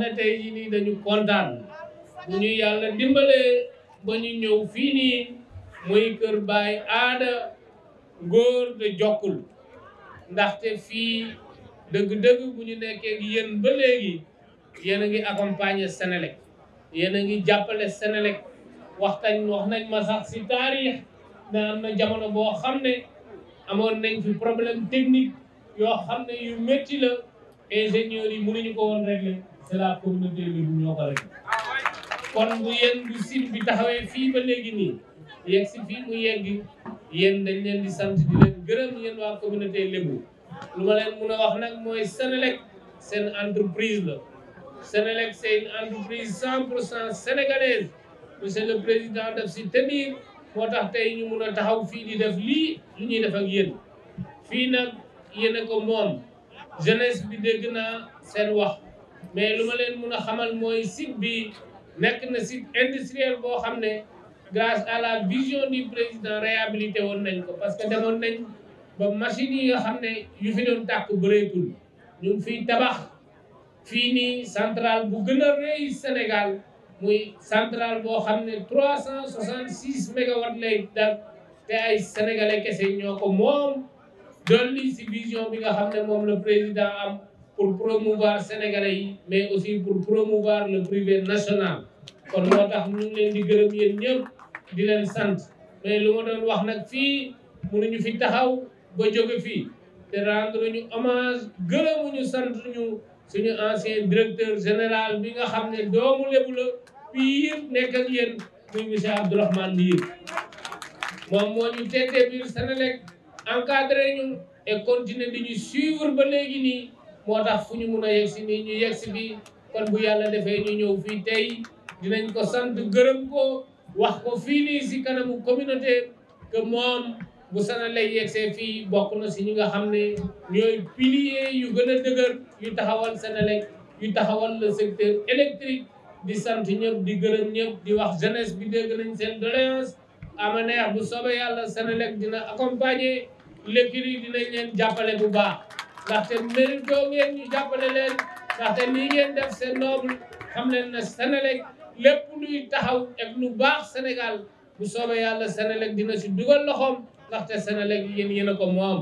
ne tey jii nii dañu kontaan bu ñu yàlla dimbalee ba ñu ñëw fii nii muy kër baay aada góor de jokkul ndaxte fii dëgg-dëgg bu ñu nekkee gi yéen ba léegi yéen a ngi accompagner senelek yéen a ngi jàppale senelek waxtañ wax nañ ma si taarix na am na jamono boo xam ne amoon nañ fi problème technique yoo xam ne yu métti la ingénieurs yi mënuñu ko woon régler c' est la communauté libre ñoo ko régler kon bu yéen bu sim bi taxawee fii ba léegi nii yegg si fii mu yeggi yéen dañ leen di sant di leen gërëm yéen waa communauté libre lu ma leen mun a wax nag mooy Senelec seen entreprise la Senelec c' est une entreprise cent sénégalaise monsieur le président daf si tenir moo tax tey ñu mun a taxaw fii di def lii lu ñuy def ak yéen fii nag yéen ko moom jeunesse bi dégg naa seen wax mais lu ma leen mun a xamal mooy site bi nekk na site industriel boo xam ne grâce à la vision du président réhabilité woon nañ ko parce que demoon nañ ba machines yi nga xam ne yu fi doon tàkk bëreetul ñun fiy tabax fii nii centrale bu gën a rëy Sénégal muy centrale boo xam ne trois cent soixante six mégawatts lay dal te ay sénégalais kese ñoo ko moom dolli ci vision bi nga xamne mom le président am pour promouvoir sénégalais yi mais aussi pour promouvoir le privé national kon moo tax ñu ngi leen di gërëm yeen ñëpp di leen sante mais lu ma doon wax nag fii ñu fi taxaw ba joggé fi té rendre ñu hommage ñu sante ñu suñu ancien directeur général bi nga xamne doomu lébu la piir nekk ak yéen muy monsieur Abdourahmane Lir mom mo ñu tété bir sénégalais encadré ñu et continuer di ñu suivre ba légui ni motax tax fu ñu mun ñu yex bi kon bu yalla défé ñu ñëw fi tay dinañ ko sante gërëm ko wax ko fi ni ci kanamu communauté que mom bu sana lay yegsee fi bokku na ci ñinga xamné ñoy pilier yu gëna dëgër yu taxawal sénégal yu taxawal le secteur électrique di sante ñëpp di gërëm ñëpp di wax jeunesse bi dégg nañ sen doléance amane neex bu soobee yàlla dina accompagner l'écurie dinañ leen jàppale bu baax ndaxte mérito ngeen ñu jàppale leen ndaxte nii ngeen def seen noble xam leen na Senelec lépp luy taxaw ak lu baax Sénégal bu soobee yàlla Senelec dina si dugal loxoom ndaxte Senelec yéen yéen a ko moom.